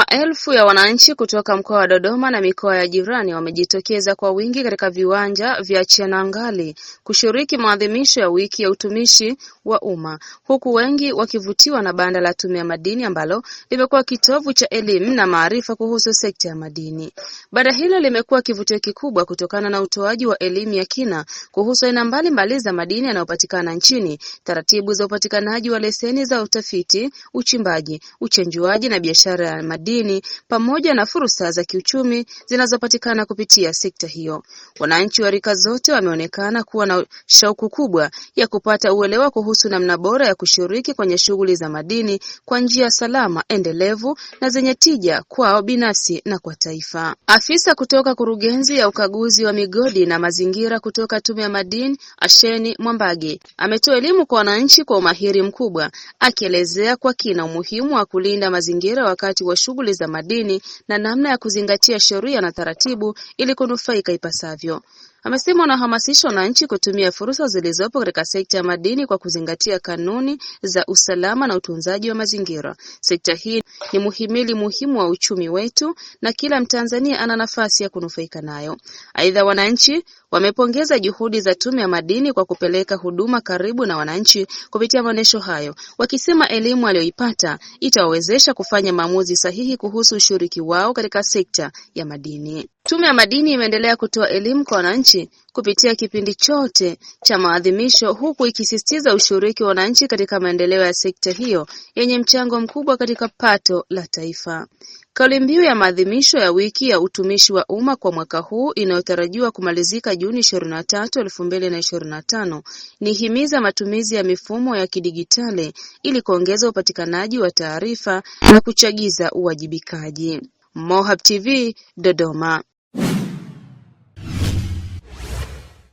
Maelfu ya wananchi kutoka mkoa wa Dodoma na mikoa ya jirani wamejitokeza kwa wingi katika viwanja vya Chenangali kushiriki maadhimisho ya Wiki ya Utumishi wa Umma, huku wengi wakivutiwa na Banda la Tume ya Madini ambalo limekuwa kitovu cha elimu na maarifa kuhusu sekta ya madini. Banda hilo limekuwa kivutio kikubwa kutokana na utoaji wa elimu ya kina kuhusu aina mbalimbali za madini yanayopatikana nchini, taratibu za upatikanaji wa leseni za utafiti, uchimbaji, uchenjuaji na biashara ya madini kidini pamoja na fursa za kiuchumi zinazopatikana kupitia sekta hiyo. Wananchi wa rika zote wameonekana kuwa na shauku kubwa ya kupata uelewa kuhusu namna bora ya kushiriki kwenye shughuli za madini kwa njia salama, endelevu na zenye tija kwao binafsi na kwa taifa. Afisa kutoka Kurugenzi ya Ukaguzi wa Migodi na Mazingira kutoka Tume ya Madini, Asheni Mwambage, ametoa elimu kwa wananchi kwa umahiri mkubwa, akielezea kwa kina umuhimu wa kulinda mazingira wakati wa shughuli shughuli za madini na namna ya kuzingatia sheria na taratibu ili kunufaika ipasavyo Amesema wanahamasisha wananchi kutumia fursa zilizopo katika sekta ya madini kwa kuzingatia kanuni za usalama na utunzaji wa mazingira. Sekta hii ni muhimili muhimu wa uchumi wetu na kila Mtanzania ana nafasi ya kunufaika nayo. Aidha, wananchi wamepongeza juhudi za Tume ya Madini kwa kupeleka huduma karibu na wananchi kupitia maonyesho hayo, wakisema elimu aliyoipata itawawezesha kufanya maamuzi sahihi kuhusu ushiriki wao katika sekta ya madini. Tume ya Madini imeendelea kutoa elimu kwa wananchi kupitia kipindi chote cha maadhimisho huku ikisisitiza ushiriki wa wananchi katika maendeleo ya sekta hiyo yenye mchango mkubwa katika pato la Taifa. Kauli mbiu ya maadhimisho ya wiki ya utumishi wa umma kwa mwaka huu inayotarajiwa kumalizika Juni 23, 2025 ni himiza matumizi ya mifumo ya kidigitali ili kuongeza upatikanaji wa taarifa na kuchagiza uwajibikaji. MOHAB TV Dodoma.